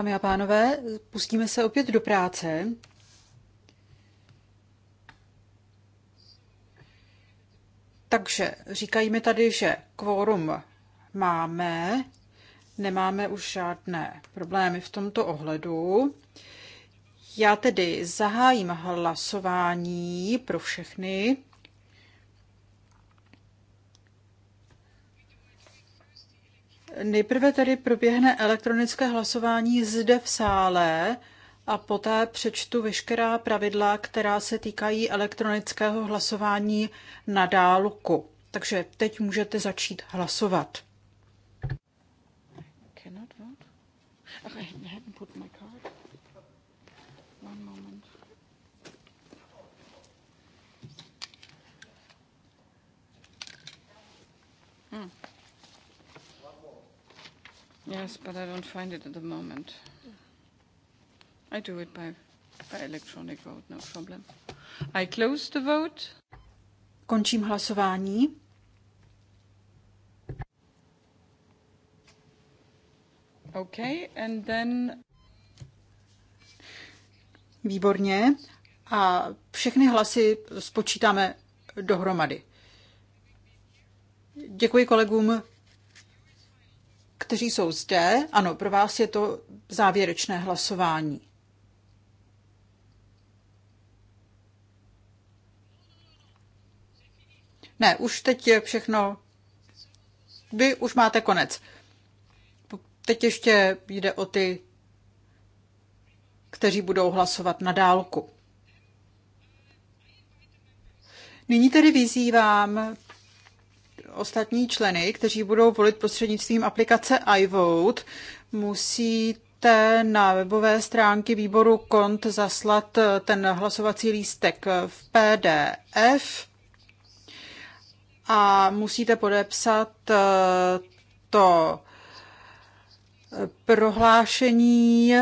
Dámy a pánové, pustíme se opět do práce. Takže říkají mi tady, že kvórum máme, nemáme už žádné problémy v tomto ohledu. Já tedy zahájím hlasování pro všechny. Nejprve tedy proběhne elektronické hlasování zde v sále a poté přečtu veškerá pravidla, která se týkají elektronického hlasování na dálku. Takže teď můžete začít hlasovat. Yes, but I don't find it at the moment. I do it by, by electronic vote, no problem. I close the vote. Končím hlasování. Okay, and then... Výborně. A všechny hlasy spočítáme dohromady. Děkuji kolegům kteří jsou zde. Ano, pro vás je to závěrečné hlasování. Ne, už teď je všechno. Vy už máte konec. Teď ještě jde o ty, kteří budou hlasovat na dálku. Nyní tedy vyzývám ostatní členy, kteří budou volit prostřednictvím aplikace iVote, musíte na webové stránky výboru KONT zaslat eh, ten hlasovací lístek v PDF a musíte podepsat eh, to eh, prohlášení.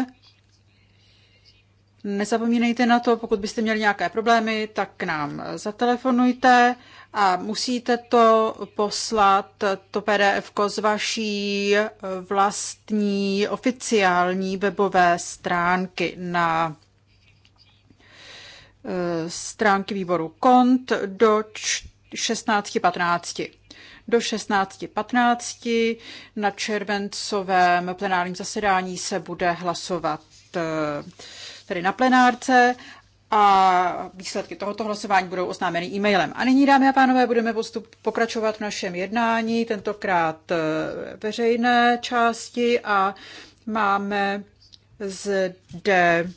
Nezapomínejte na to, pokud byste měli nějaké problémy, tak k nám zatelefonujte a musíte to poslat, to pdf z vaší eh, vlastní oficiální webové stránky na eh, stránky výboru KONT do 16.15 do 16.15. Na červencovém plenárním zasedání se bude hlasovat eh, tedy na plenárce a výsledky tohoto hlasování budou oznámeny e-mailem. A nyní, dámy a pánové, budeme postup pokračovat v našem jednání, tentokrát eh, veřejné části a máme zde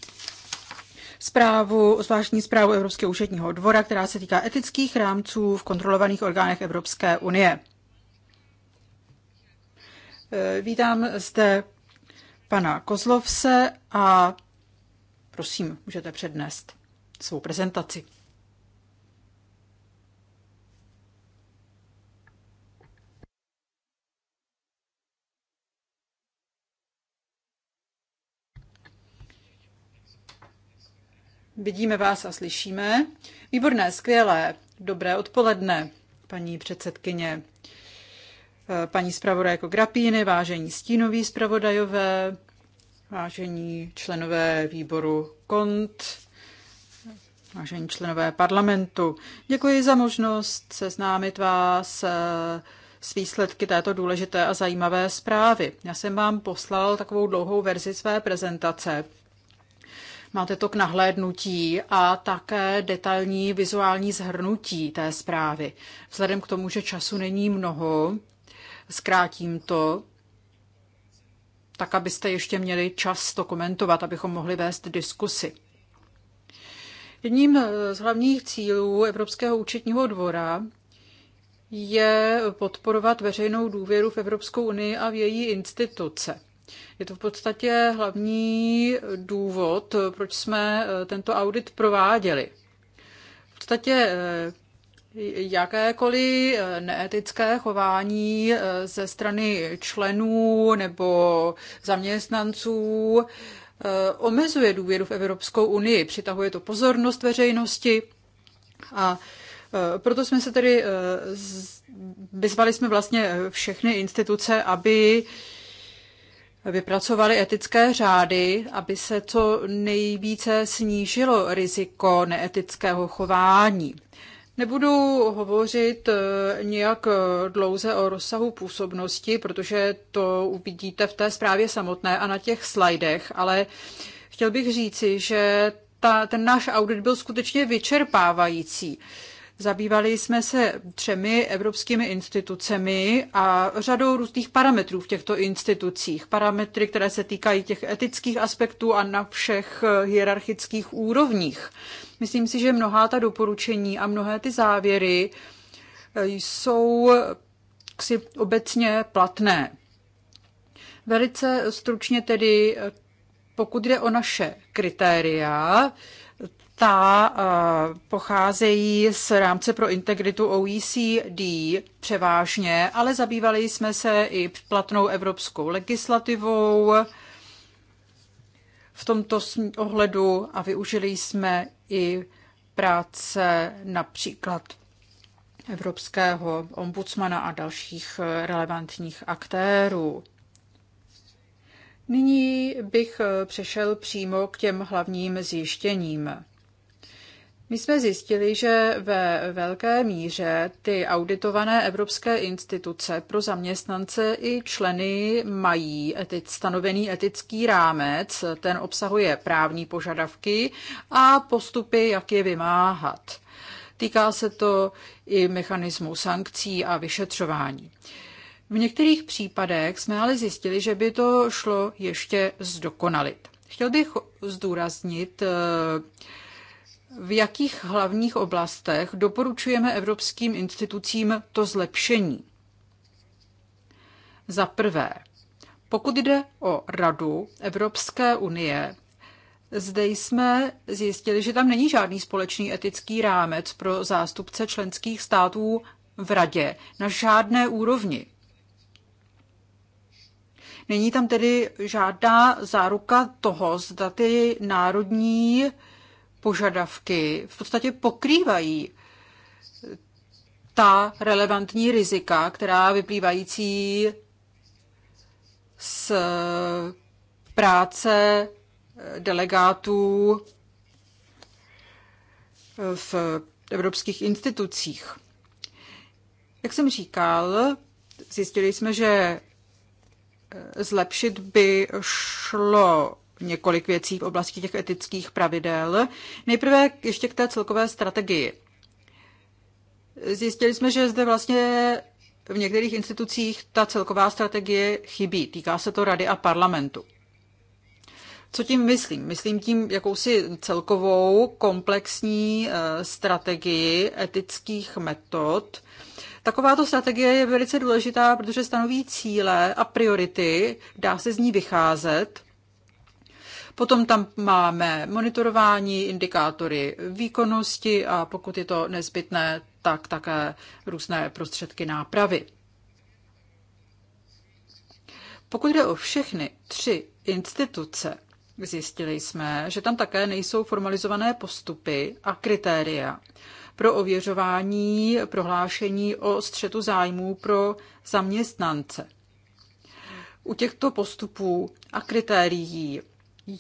zprávu, zvláštní zprávu Evropského účetního dvora, která se týká etických rámců v kontrolovaných orgánech Evropské unie. Eh, vítám zde pana Kozlovse a prosím, můžete přednést svou prezentaci. Vidíme vás a slyšíme. Výborné, skvělé. Dobré odpoledne, paní předsedkyně, paní zpravodajko Grapíny, vážení stínoví zpravodajové, vážení členové výboru KONT, Vážení členové parlamentu, děkuji za možnost seznámit vás eh, s výsledky této důležité a zajímavé zprávy. Já jsem vám poslal takovou dlouhou verzi své prezentace. Máte to k nahlédnutí a také detailní vizuální zhrnutí té zprávy. Vzhledem k tomu, že času není mnoho, zkrátím to, tak abyste ještě měli čas to komentovat, abychom mohli vést diskusy. Jedním eh, z hlavních cílů Evropského účetního dvora je podporovat veřejnou důvěru v Evropskou unii a v její instituce. Je to v podstatě hlavní důvod, proč jsme eh, tento audit prováděli. V podstatě eh, jakékoliv neetické chování ze strany členů nebo zaměstnanců Eh, omezuje důvěru v Evropskou unii, přitahuje to pozornost veřejnosti a eh, proto jsme se tedy eh, vyzvali jsme vlastně všechny instituce, aby vypracovali etické řády, aby se co nejvíce snížilo riziko neetického chování. Nebudu hovořit eh, nějak eh, dlouze o rozsahu působnosti, protože to uvidíte v té zprávě samotné a na těch slajdech, ale chtěl bych říci, že ta, ten náš audit byl skutečně vyčerpávající. Zabývali jsme se třemi evropskými institucemi a řadou různých parametrů v těchto institucích. Parametry, které se týkají těch etických aspektů a na všech hierarchických úrovních. Myslím si, že mnohá ta doporučení a mnohé ty závěry jsou si obecně platné. Velice stručně tedy, pokud jde o naše kritéria, ta eh, pocházejí z rámce pro integritu OECD převážně, ale zabývali jsme se i platnou evropskou legislativou v tomto ohledu a využili jsme i práce například evropského ombudsmana a dalších eh, relevantních aktérů. Nyní bych eh, přešel přímo k těm hlavním zjištěním. My jsme zjistili, že ve velké míře ty auditované evropské instituce pro zaměstnance i členy mají etic, stanovený etický rámec. Ten obsahuje právní požadavky a postupy, jak je vymáhat. Týká se to i mechanismu sankcí a vyšetřování. V některých případech jsme ale zjistili, že by to šlo ještě zdokonalit. Chtěl bych zdůraznit eh, v jakých hlavních oblastech doporučujeme evropským institucím to zlepšení. Za prvé, pokud jde o Radu Evropské unie, zde jsme zjistili, že tam není žádný společný etický rámec pro zástupce členských států v Radě na žádné úrovni. Není tam tedy žádná záruka toho, zda ty národní požadavky v podstatě pokrývají ta relevantní rizika, která vyplývající z práce delegátů v evropských institucích. Jak jsem říkal, zjistili jsme, že zlepšit by šlo několik věcí v oblasti těch etických pravidel. Nejprve ještě k té celkové strategii. Zjistili jsme, že zde vlastně v některých institucích ta celková strategie chybí. Týká se to rady a parlamentu. Co tím myslím? Myslím tím jakousi celkovou komplexní eh, strategii etických metod. Takováto strategie je velice důležitá, protože stanoví cíle a priority, dá se z ní vycházet Potom tam máme monitorování, indikátory výkonnosti a pokud je to nezbytné, tak také různé prostředky nápravy. Pokud jde o všechny tři instituce, zjistili jsme, že tam také nejsou formalizované postupy a kritéria pro ověřování prohlášení o střetu zájmů pro zaměstnance. U těchto postupů a kritérií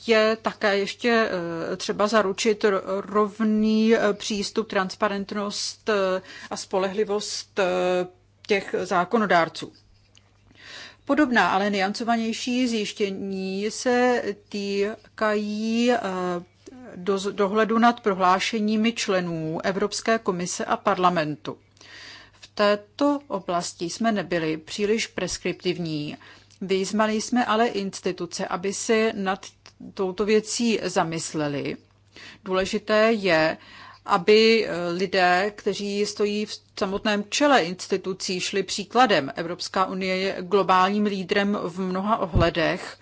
je také ještě eh, třeba zaručit rovný eh, přístup, transparentnost eh, a spolehlivost těch zákonodárců. Podobná, ale niancovanější zjištění se týkají do, dohledu nad prohlášeními členů Evropské komise a parlamentu. V této oblasti jsme nebyli příliš preskriptivní Vyzvali jsme ale instituce, aby si nad touto věcí zamysleli. Důležité je, aby eh, lidé, kteří stojí v samotném čele institucí, šli příkladem. Evropská unie je globálním lídrem v mnoha ohledech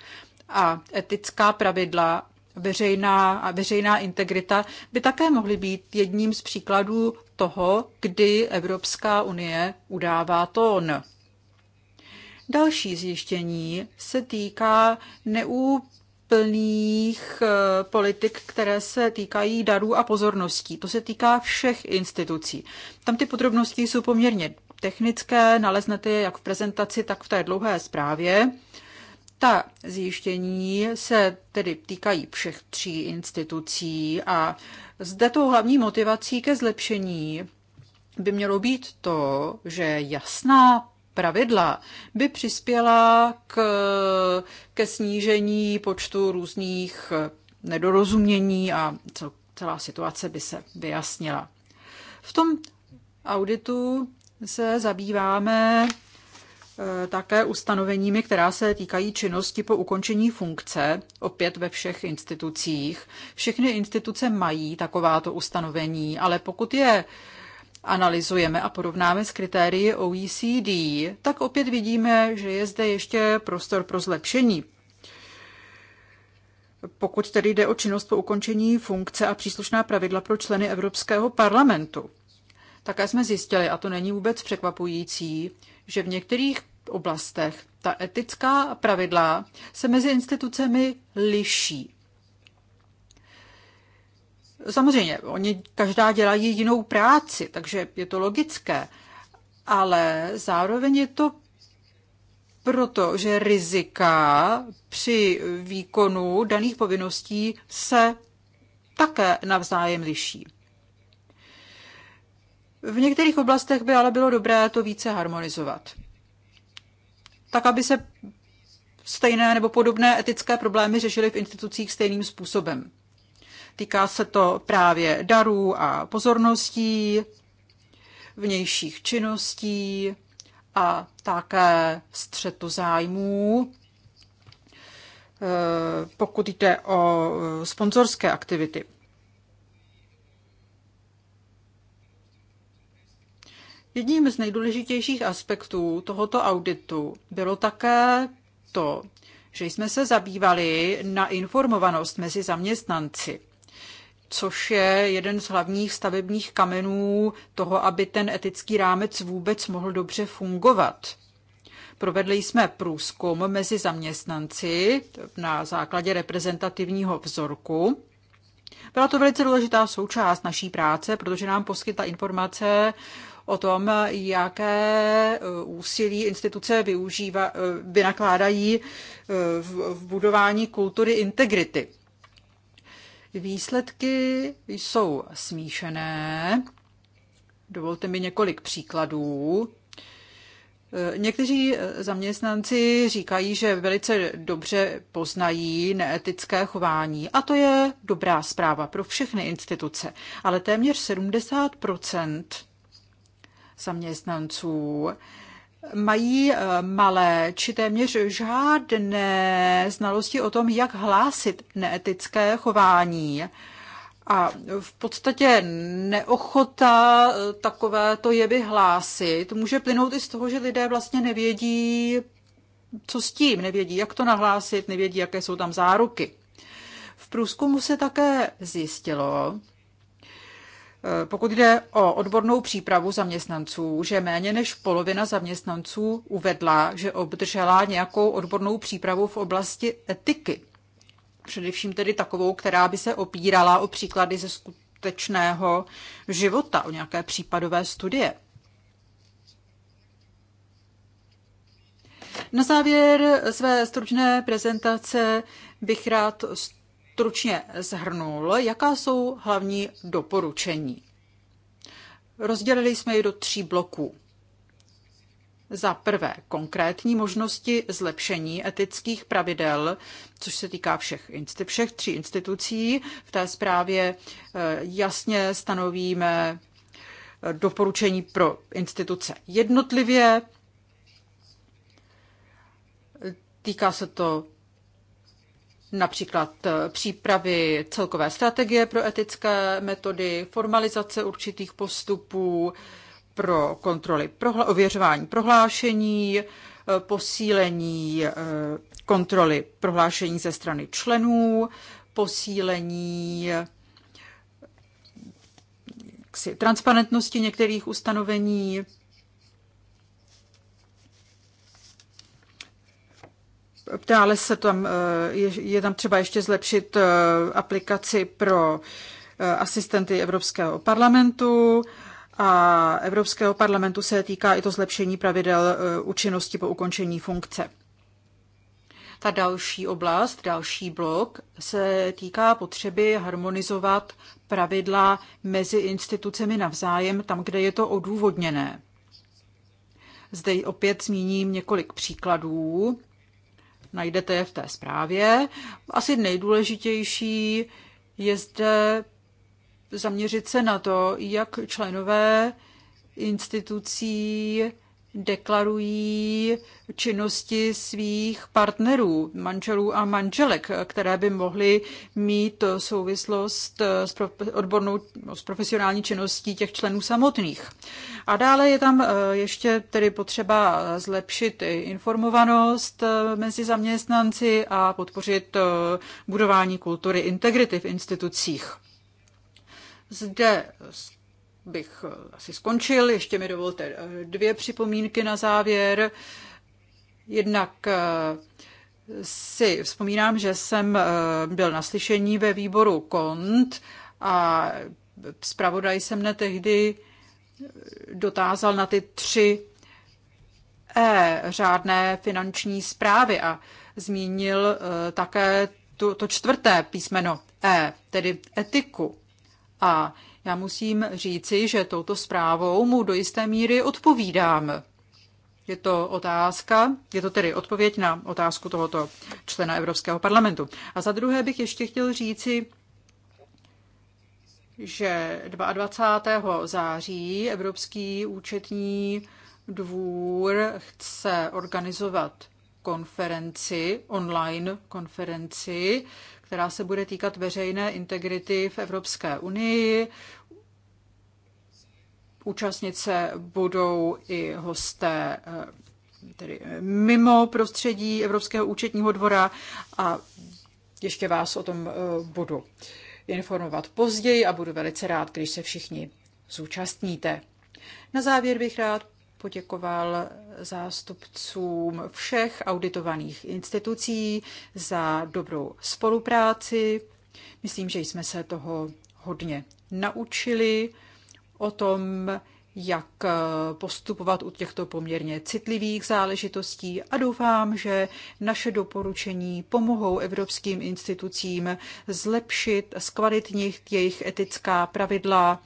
a etická pravidla veřejná a veřejná integrita by také mohly být jedním z příkladů toho, kdy Evropská unie udává tón. Další zjištění se týká neúplných eh, politik, které se týkají darů a pozorností. To se týká všech institucí. Tam ty podrobnosti jsou poměrně technické, naleznete je jak v prezentaci, tak v té dlouhé zprávě. Ta zjištění se tedy týkají všech tří institucí a zde tou hlavní motivací ke zlepšení by mělo být to, že jasná pravidla by přispěla k, ke snížení počtu různých nedorozumění a cel, celá situace by se vyjasnila. V tom auditu se zabýváme eh, také ustanoveními, která se týkají činnosti po ukončení funkce, opět ve všech institucích. Všechny instituce mají takováto ustanovení, ale pokud je analyzujeme a porovnáme s kritérii OECD, tak opět vidíme, že je zde ještě prostor pro zlepšení. Pokud tedy jde o činnost po ukončení funkce a příslušná pravidla pro členy Evropského parlamentu. Také jsme zjistili, a to není vůbec překvapující, že v některých oblastech ta etická pravidla se mezi institucemi liší. Samozřejmě, oni každá dělají jinou práci, takže je to logické, ale zároveň je to proto, že rizika při výkonu daných povinností se také navzájem liší. V některých oblastech by ale bylo dobré to více harmonizovat. Tak, aby se stejné nebo podobné etické problémy řešily v institucích stejným způsobem. Týká se to právě darů a pozorností, vnějších činností a také střetu zájmů, e, pokud jde o e, sponzorské aktivity. Jedním z nejdůležitějších aspektů tohoto auditu bylo také to, že jsme se zabývali na informovanost mezi zaměstnanci což je jeden z hlavních stavebních kamenů toho, aby ten etický rámec vůbec mohl dobře fungovat. Provedli jsme průzkum mezi zaměstnanci na základě reprezentativního vzorku. Byla to velice důležitá součást naší práce, protože nám poskytla informace o tom, jaké eh, úsilí instituce využíva, eh, vynakládají eh, v budování kultury integrity. Výsledky jsou smíšené. Dovolte mi několik příkladů. Někteří zaměstnanci říkají, že velice dobře poznají neetické chování a to je dobrá zpráva pro všechny instituce, ale téměř 70 zaměstnanců mají eh, malé či téměř žádné znalosti o tom, jak hlásit neetické chování. A v podstatě neochota eh, takovéto jevy hlásit může plynout i z toho, že lidé vlastně nevědí, co s tím, nevědí, jak to nahlásit, nevědí, jaké jsou tam záruky. V průzkumu se také zjistilo, Eh, pokud jde o odbornou přípravu zaměstnanců, že méně než polovina zaměstnanců uvedla, že obdržela nějakou odbornou přípravu v oblasti etiky. Především tedy takovou, která by se opírala o příklady ze skutečného života, o nějaké případové studie. Na závěr své stručné prezentace bych rád stručně zhrnul, jaká jsou hlavní doporučení. Rozdělili jsme je do tří bloků. Za prvé, konkrétní možnosti zlepšení etických pravidel, což se týká všech, všech tří institucí. V té zprávě eh, jasně stanovíme eh, doporučení pro instituce jednotlivě. Týká se to například eh, přípravy celkové strategie pro etické metody, formalizace určitých postupů pro kontroly prohla- ověřování prohlášení, eh, posílení eh, kontroly prohlášení ze strany členů, posílení transparentnosti některých ustanovení. Dále se tam, eh, je, je tam třeba ještě zlepšit eh, aplikaci pro eh, asistenty Evropského parlamentu a Evropského parlamentu se týká i to zlepšení pravidel účinnosti po ukončení funkce. Ta další oblast, další blok se týká potřeby harmonizovat pravidla mezi institucemi navzájem tam, kde je to odůvodněné. Zde opět zmíním několik příkladů najdete je v té zprávě. Asi nejdůležitější je zde zaměřit se na to, jak členové institucí deklarují činnosti svých partnerů, manželů a manželek, které by mohly mít souvislost s odbornou, s profesionální činností těch členů samotných. A dále je tam eh, ještě tedy potřeba zlepšit informovanost eh, mezi zaměstnanci a podpořit eh, budování kultury integrity v institucích. Zde bych eh, asi skončil. Ještě mi dovolte eh, dvě připomínky na závěr. Jednak eh, si vzpomínám, že jsem byl na slyšení ve výboru KONT a zpravodaj se mne tehdy dotázal na ty tři E řádné finanční zprávy a zmínil také to, to čtvrté písmeno E, tedy etiku. A já musím říci, že touto zprávou mu do jisté míry odpovídám. Je to otázka, je to tedy odpověď na otázku tohoto člena Evropského parlamentu. A za druhé bych ještě chtěl říci, že 22. září Evropský účetní dvůr chce organizovat konferenci, online konferenci, která se bude týkat veřejné integrity v Evropské unii. Účastnit se budou i hosté eh, tedy eh, mimo prostředí Evropského účetního dvora a ještě vás o tom eh, budu informovat později a budu velice rád, když se všichni zúčastníte. Na závěr bych rád poděkoval zástupcům všech auditovaných institucí za dobrou spolupráci. Myslím, že jsme se toho hodně naučili o tom, jak postupovat u těchto poměrně citlivých záležitostí a doufám, že naše doporučení pomohou evropským institucím zlepšit, zkvalitnit jejich etická pravidla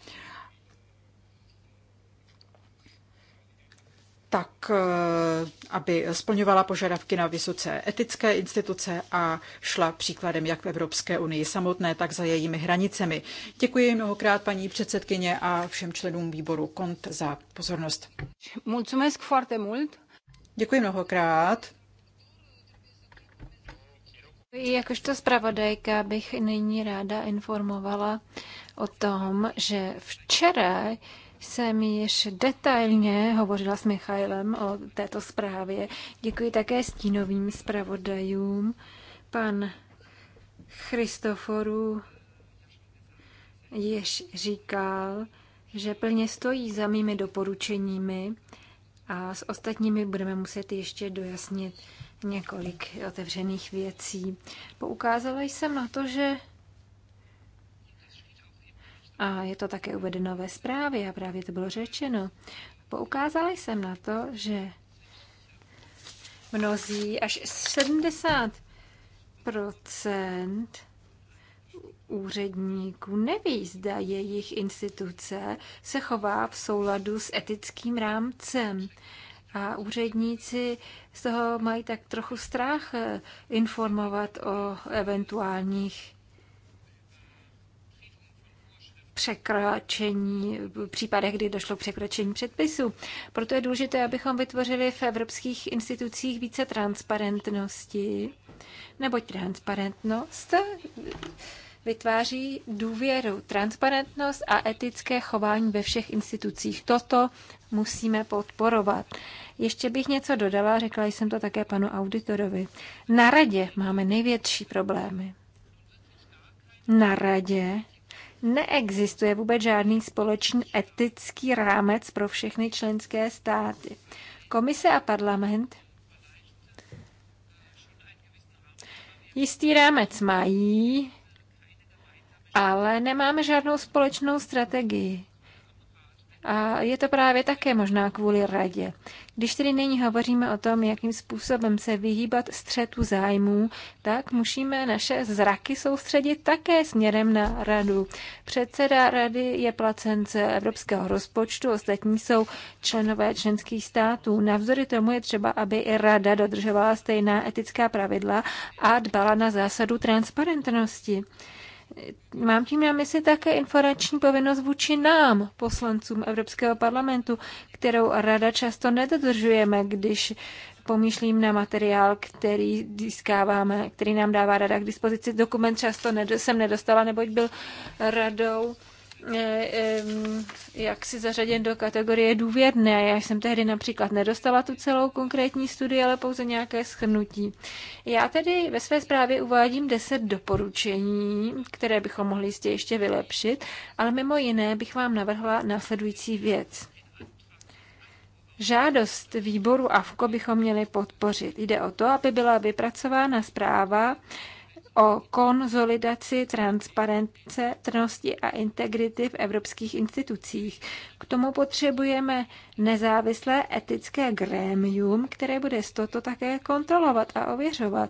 tak eh, aby splňovala požadavky na vysoce etické instituce a šla příkladem jak v Evropské unii samotné, tak za jejími hranicemi. Děkuji mnohokrát paní předsedkyně a všem členům výboru KONT za pozornost. Mulțumesc foarte mult. Děkuji mnohokrát. Jakožto zpravodajka bych nyní ráda informovala o tom, že včera jsem již detailně hovořila s Michailem o této zprávě. Děkuji také stínovým zpravodajům, pan Christoforu již říkal, že plně stojí za mými doporučeními a s ostatními budeme muset ještě dojasnit několik otevřených věcí. Poukázala jsem na to, že a je to také uvedeno ve zprávě a právě to bylo řečeno, Poukázali jsem na to, že mnozí až 70 úředníků neví, zda jejich instituce se chová v souladu s etickým rámcem. A úředníci z toho mají tak trochu strach eh, informovat o eventuálních překročení, v případech, kdy došlo k překročení předpisů. Proto je důležité, abychom vytvořili v evropských institucích více transparentnosti, neboť transparentnost vytváří důvěru, transparentnost a etické chování ve všech institucích. Toto musíme podporovat. Ještě bych něco dodala, řekla jsem to také panu auditorovi. Na radě máme největší problémy. Na radě neexistuje vůbec žádný společný etický rámec pro všechny členské státy. Komise a parlament jistý rámec mají, ale nemáme žádnou společnou strategii. A je to právě také možná kvůli radě. Když tedy nyní hovoříme o tom, jakým způsobem se vyhýbat střetu zájmů, tak musíme naše zraky soustředit také směrem na radu. Předseda rady je placence evropského rozpočtu, ostatní jsou členové členských států. Navzory tomu je třeba, aby i rada dodržovala stejná etická pravidla a dbala na zásadu transparentnosti. Mám tím na mysli také informační povinnost vůči nám, poslancům Evropského parlamentu, kterou rada často nedodržujeme, když pomýšlím na materiál, který získáváme, který nám dává rada k dispozici. Dokument často jsem nedostala, neboť byl radou Eh, jak si zařaděn do kategorie důvěrné. Já jsem tehdy například nedostala tu celou konkrétní studii, ale pouze nějaké schrnutí. Já tedy ve své zprávě uvádím 10 doporučení, které bychom mohli jistě ještě vylepšit, ale mimo jiné bych vám navrhla následující věc. Žádost výboru AFKO bychom měli podpořit. Jde o to, aby byla vypracována zpráva, o konzolidaci transparentnosti a integrity v evropských institucích. K tomu potřebujeme nezávislé etické grémium, které bude z toto také kontrolovat a ověřovat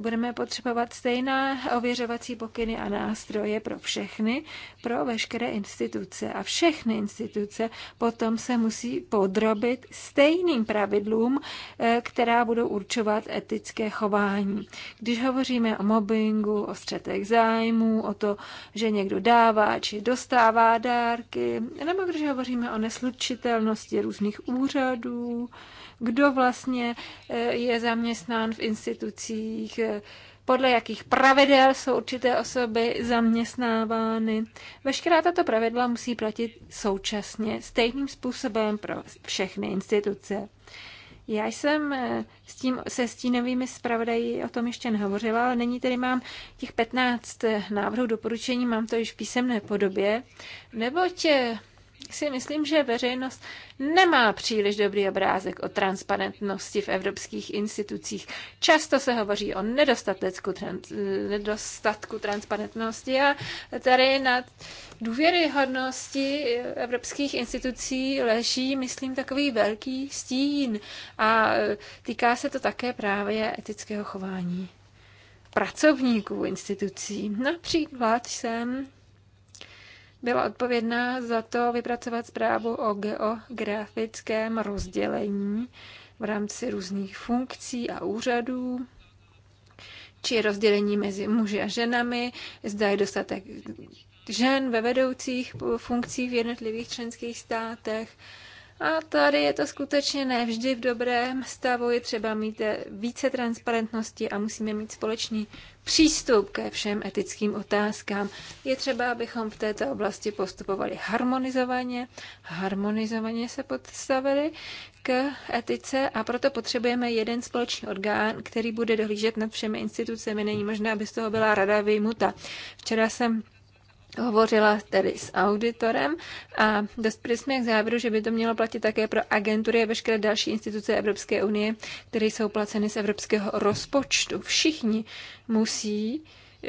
budeme potřebovat stejná ověřovací pokyny a nástroje pro všechny, pro veškeré instituce. A všechny instituce potom se musí podrobit stejným pravidlům, eh, která budou určovat etické chování. Když hovoříme o mobbingu, o střetech zájmů, o to, že někdo dává či dostává dárky, nebo když hovoříme o neslučitelnosti různých úřadů, kdo vlastně eh, je zaměstnán v institucích, eh, podle jakých pravidel jsou určité osoby zaměstnávány. Veškerá tato pravidla musí platit současně, stejným způsobem pro všechny instituce. Já jsem eh, s tím, se stínovými zpravodají o tom ještě nehovořila, ale nyní tedy mám těch 15 návrhů doporučení, mám to již v písemné podobě, neboť si myslím, že veřejnost nemá příliš dobrý obrázek o transparentnosti v evropských institucích. Často se hovoří o nedostatku, trans, nedostatku transparentnosti a tady na důvěryhodnosti evropských institucí leží, myslím, takový velký stín a týká se to také právě etického chování pracovníků institucí. Například jsem byla odpovědná za to vypracovat zprávu o geografickém rozdělení v rámci různých funkcí a úřadů či rozdělení mezi muži a ženami, zda je dostatek žen ve vedoucích funkcích v jednotlivých členských státech. A tady je to skutečně ne vždy v dobrém stavu, je třeba mít více transparentnosti a musíme mít společný přístup ke všem etickým otázkám. Je třeba, abychom v této oblasti postupovali harmonizovaně, harmonizovaně se podstavili k etice a proto potřebujeme jeden společný orgán, který bude dohlížet nad všemi institucemi. Není možné, aby z toho byla rada vyjmuta. Včera jsem hovořila tedy s auditorem a dospěli jsme k závěru, že by to mělo platit také pro agentury a veškeré další instituce Evropské unie, které jsou placeny z evropského rozpočtu. Všichni musí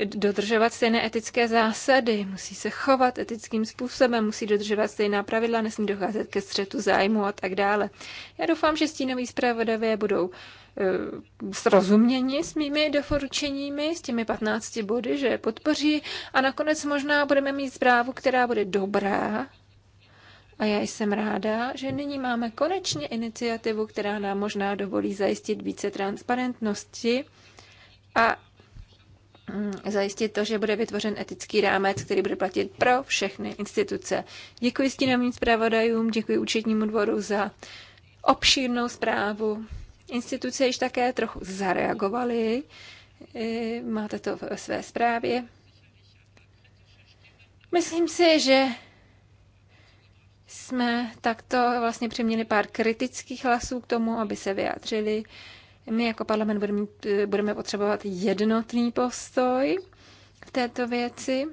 dodržovat stejné etické zásady, musí se chovat etickým způsobem, musí dodržovat stejná pravidla, nesmí docházet ke střetu zájmu a tak dále. Já doufám, že stínoví zpravodajové budou Eh, srozuměni s mými doporučeními, s těmi 15 body, že je podpoří a nakonec možná budeme mít zprávu, která bude dobrá. A já jsem ráda, že nyní máme konečně iniciativu, která nám možná dovolí zajistit více transparentnosti a mm, zajistit to, že bude vytvořen etický rámec, který bude platit pro všechny instituce. Děkuji stínovým zpravodajům, děkuji účetnímu dvoru za obšírnou zprávu. Instituce již také trochu zareagovaly, e, máte to ve své zprávě. Myslím si, že jsme takto vlastně přeměli pár kritických hlasů k tomu, aby se vyjádřili. My jako parlament budeme, e, budeme potřebovat jednotný postoj v této věci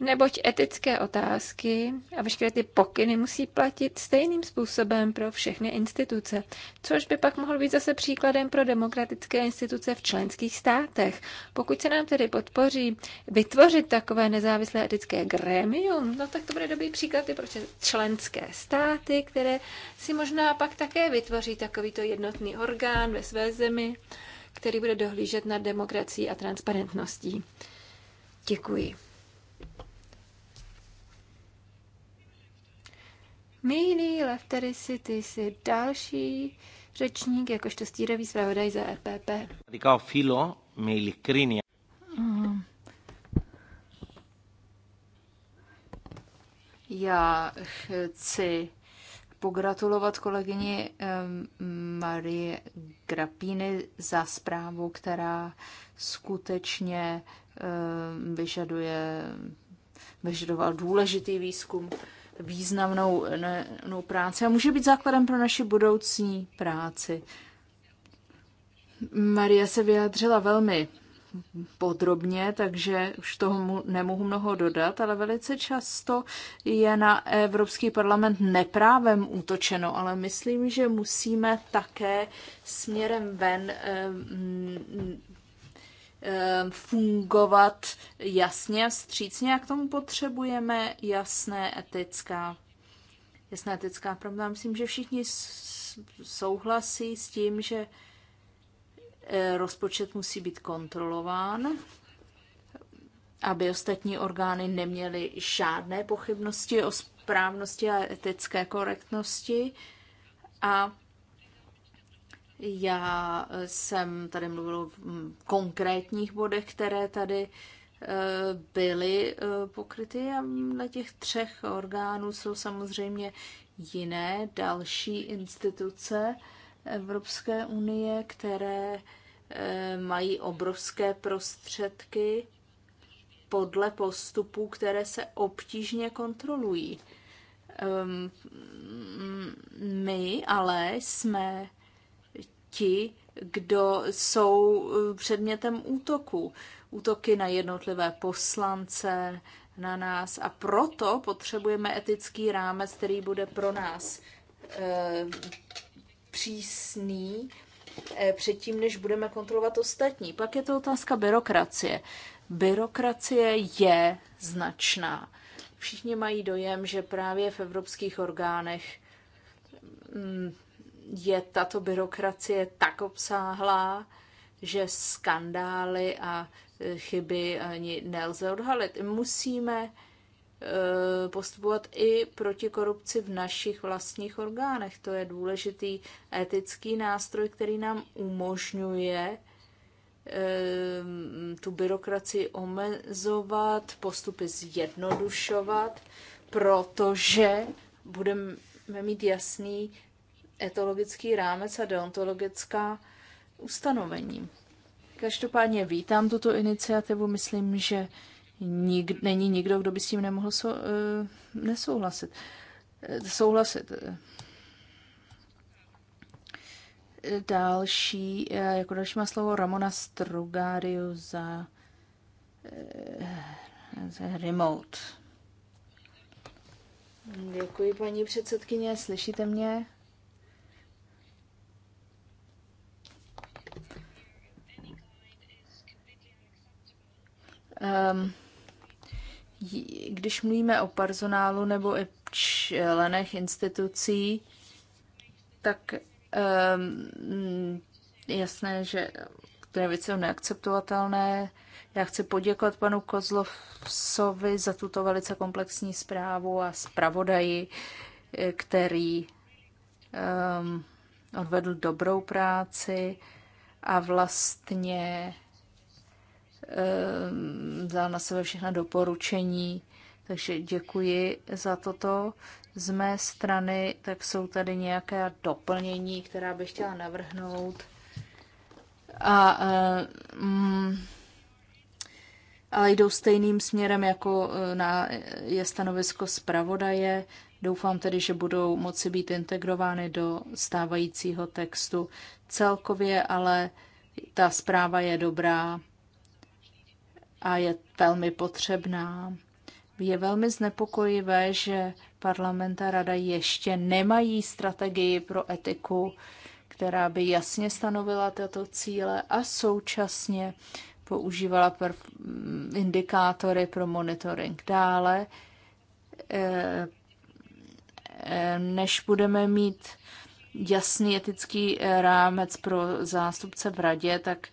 neboť etické otázky a veškeré ty pokyny musí platit stejným způsobem pro všechny instituce, což by pak mohl být zase příkladem pro demokratické instituce v členských státech. Pokud se nám tedy podpoří vytvořit takové nezávislé etické grémium, no tak to bude dobrý příklad i pro členské státy, které si možná pak také vytvoří takovýto jednotný orgán ve své zemi, který bude dohlížet nad demokracií a transparentností. Děkuji. Milý ty si další řečník, jakožto stíravý zpravodaj za EPP. Říkal Filo, milí Kriny. Mm. Já chci pogratulovat kolegyni Marie Grapíny za zprávu, která skutečně vyžaduje, vyžadoval důležitý výzkum významnou no, práci a může být základem pro naši budoucí práci. Maria se vyjádřila velmi podrobně, takže už toho nemohu mnoho dodat, ale velice často je na Evropský parlament neprávem útočeno, ale myslím, že musíme také směrem ven eh, Ehm, fungovat jasně a střícně, jak tomu potřebujeme jasné etická, jasné etická pravda, Myslím, že všichni souhlasí s tím, že eh, rozpočet musí být kontrolován, aby ostatní orgány neměly žádné pochybnosti o správnosti a etické korektnosti a já jsem tady mluvila o mm, konkrétních bodech, které tady e, byly e, pokryty a na těch třech orgánů jsou samozřejmě jiné další instituce Evropské unie, které e, mají obrovské prostředky podle postupů, které se obtížně kontrolují. Ehm, my ale jsme ti, kdo jsou eh, předmětem útoku. Útoky na jednotlivé poslance, na nás a proto potřebujeme etický rámec, který bude pro nás e, přísný e, předtím, než budeme kontrolovat ostatní. Pak je to otázka byrokracie. Byrokracie je značná. Všichni mají dojem, že právě v evropských orgánech mm, je tato byrokracie tak obsáhlá, že skandály a e, chyby ani nelze odhalit. Musíme e, postupovat i proti korupci v našich vlastních orgánech. To je důležitý etický nástroj, který nám umožňuje e, tu byrokracii omezovat, postupy zjednodušovat, protože budeme mít jasný etologický rámec a deontologická ustanovení. Každopádně vítám tuto iniciativu, myslím, že nik, není nikdo, kdo by s tím nemohl so, eh, nesouhlasit. Eh, souhlasit. Eh, další, jako další má slovo Ramona Strugario za, za remote. Děkuji, paní předsedkyně, slyšíte mě? Um, když mluvíme o personálu nebo i členech institucí, tak um, jasné, že to je věci neakceptovatelné. Já chci poděkovat panu Kozlovsovi za tuto velice komplexní zprávu a zpravodaji, e, který um, odvedl dobrou práci a vlastně Ehm, vzal na sebe všechna doporučení, takže děkuji za toto. Z mé strany tak jsou tady nějaké doplnění, která bych chtěla navrhnout. A, um, ale jdou stejným směrem, jako eh, na, je stanovisko zpravodaje. Doufám tedy, že budou moci být integrovány do stávajícího textu celkově, ale ta zpráva je dobrá a je velmi potřebná. Je velmi znepokojivé, že parlament a rada ještě nemají strategii pro etiku, která by jasně stanovila tato cíle a současně používala indikátory pro monitoring. Dále, eh, eh, než budeme mít jasný etický eh, rámec pro zástupce v radě, tak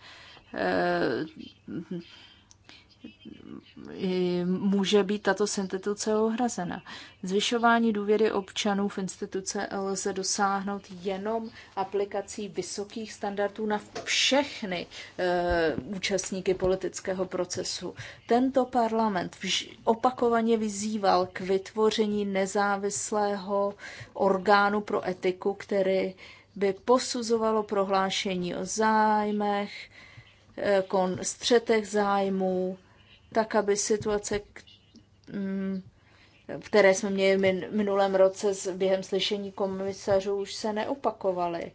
může být tato instituce ohrazena. Zvyšování důvěry občanů v instituce lze dosáhnout jenom aplikací vysokých standardů na všechny e, účastníky politického procesu. Tento parlament opakovaně vyzýval k vytvoření nezávislého orgánu pro etiku, který by posuzovalo prohlášení o zájmech, eh, kon, střetech zájmů, tak aby situace, mm, které jsme měli v minulém roce během slyšení komisařů, už se neopakovaly.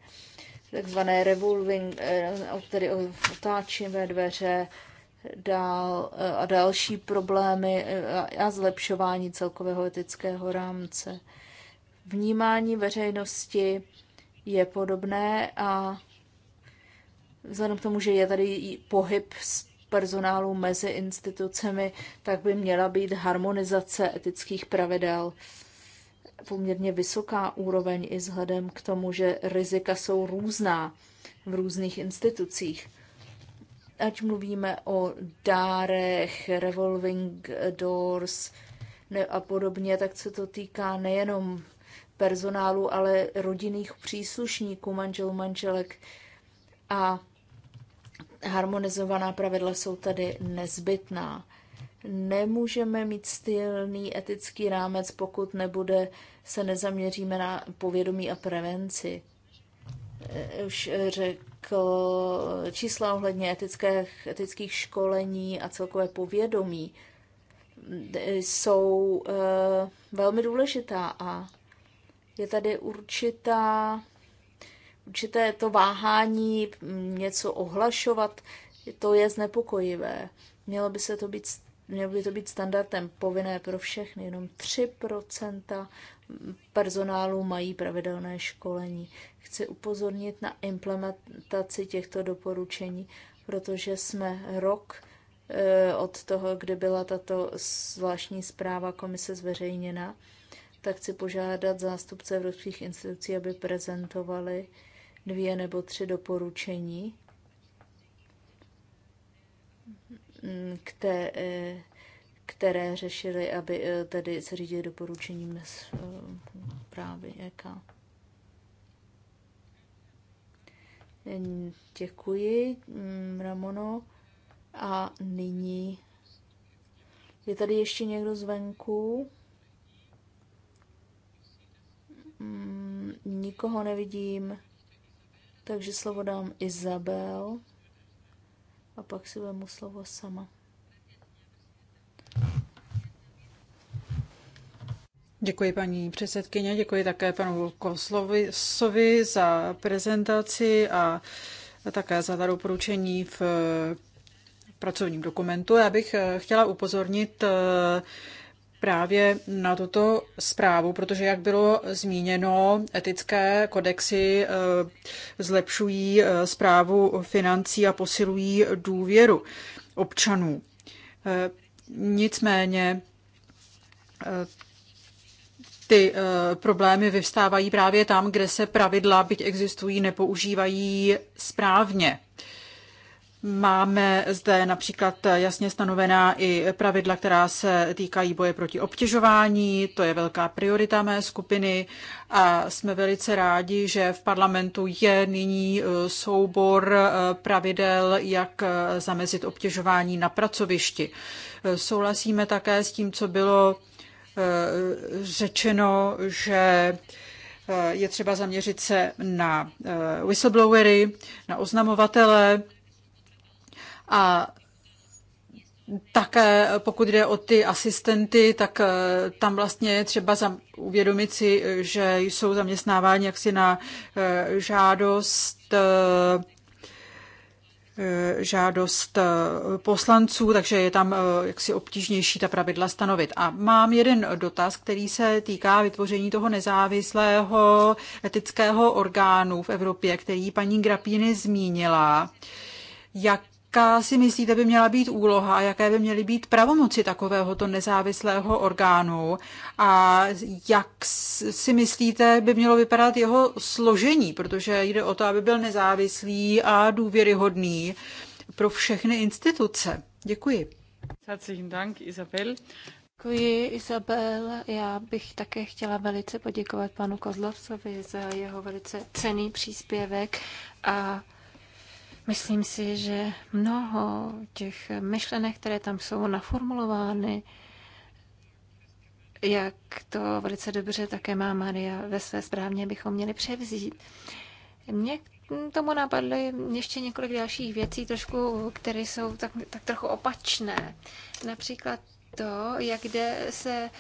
Takzvané revolving, eh, tedy otáčivé dveře, dál, eh, a další problémy eh, a zlepšování celkového etického rámce. Vnímání veřejnosti je podobné a vzhledem k tomu, že je tady pohyb personálu mezi institucemi, tak by měla být harmonizace etických pravidel poměrně vysoká úroveň i vzhledem k tomu, že rizika jsou různá v různých institucích. Ať mluvíme o dárech, revolving doors a podobně, tak se to týká nejenom personálu, ale rodinných příslušníků, manželů, manželek a harmonizovaná pravidla jsou tady nezbytná. Nemůžeme mít stylný etický rámec, pokud nebude, se nezaměříme na povědomí a prevenci. Eh, už řekl čísla ohledně etických, etických školení a celkové povědomí eh, jsou eh, velmi důležitá a je tady určitá určité to váhání mm, něco ohlašovat, to je znepokojivé. Mělo by, se to být, mělo by to být standardem povinné pro všechny. Jenom 3% personálu mají pravidelné školení. Chci upozornit na implementaci těchto doporučení, protože jsme rok eh, od toho, kdy byla tato zvláštní zpráva komise zveřejněna, tak chci požádat zástupce evropských institucí, aby prezentovali dvě nebo tři doporučení, eh, které, které řešili, aby eh, tedy se řídili doporučením z eh, právě EK. Děkuji, mm, Ramono. A nyní je tady ještě někdo zvenku? Mm, nikoho nevidím. Takže slovo dám Izabel a pak si vezmu slovo sama. Děkuji paní předsedkyně, děkuji také panu Koslovi za prezentaci a také za ta doporučení v pracovním dokumentu. Já bych chtěla upozornit právě na tuto zprávu, protože, jak bylo zmíněno, etické kodexy eh, zlepšují zprávu eh, financí a posilují důvěru občanů. Eh, nicméně ty problémy vyvstávají právě tam, kde se pravidla, byť existují, nepoužívají správně. Máme zde například jasně stanovená i pravidla, která se týkají boje proti obtěžování, to je velká priorita mé skupiny a jsme velice rádi, že v parlamentu je nyní eh, soubor eh, pravidel, jak eh, zamezit obtěžování na pracovišti. Souhlasíme také s tím, co bylo řečeno, že je třeba zaměřit se na whistleblowery, na oznamovatele, a také pokud jde o ty asistenty, tak eh, tam vlastně je třeba uvědomit si, že jsou zaměstnáváni jaksi na eh, žádost eh, žádost poslanců, takže je tam jaksi obtížnější ta pravidla stanovit. A mám jeden dotaz, který se týká vytvoření toho nezávislého etického orgánu v Evropě, který paní Grapíny zmínila. Jak jaká si myslíte by měla být úloha a jaké by měly být pravomoci takovéhoto nezávislého orgánu a jak si myslíte by mělo vypadat jeho složení, protože jde o to, aby byl nezávislý a důvěryhodný pro všechny instituce. Děkuji. Herzlichen Dank, Isabel. Děkuji, Isabel. Já bych také chtěla velice poděkovat panu Kozlovcovi za jeho velice cený příspěvek a Myslím si, že mnoho těch myšlenek, které tam jsou naformulovány, jak to velice dobře také má Maria ve své správně, bychom měli převzít. Mě k tomu napadly ještě několik dalších věcí, trošku, které jsou tak, tak trochu opačné. Například to, jak jde se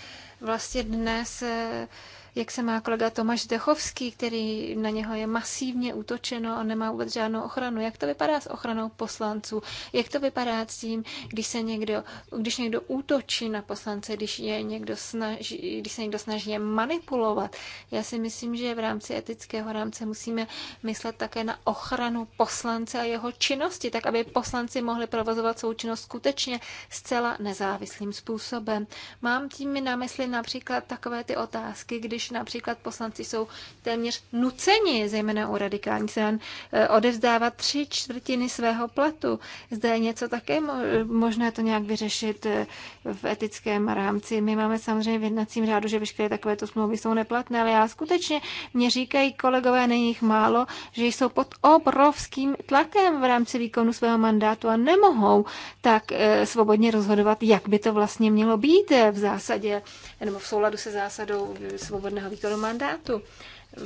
vlastně dnes eh, jak se má kolega Tomáš Dechovský, který na něho je masívně útočeno a nemá vůbec žádnou ochranu. Jak to vypadá s ochranou poslanců? Jak to vypadá s tím, když se někdo, když někdo útočí na poslance, když, je někdo snaží, když se někdo snaží je manipulovat? Já si myslím, že v rámci etického rámce musíme myslet také na ochranu poslance a jeho činnosti, tak aby poslanci mohli provozovat svou činnost skutečně zcela nezávislým způsobem. Mám tím na mysli například takové ty otázky, když když například poslanci jsou téměř nuceni, zejména u radikální stran, eh, odevzdávat tři čtvrtiny svého platu. Zde je něco také možné to nějak vyřešit eh, v etickém rámci. My máme samozřejmě v jednacím řádu, že veškeré takovéto smlouvy jsou neplatné, ale já skutečně, mě říkají kolegové, není jich málo, že jsou pod obrovským tlakem v rámci výkonu svého mandátu a nemohou tak eh, svobodně rozhodovat, jak by to vlastně mělo být v zásadě, nebo v souladu se zásadou svobody svobodného výkonu mandátu.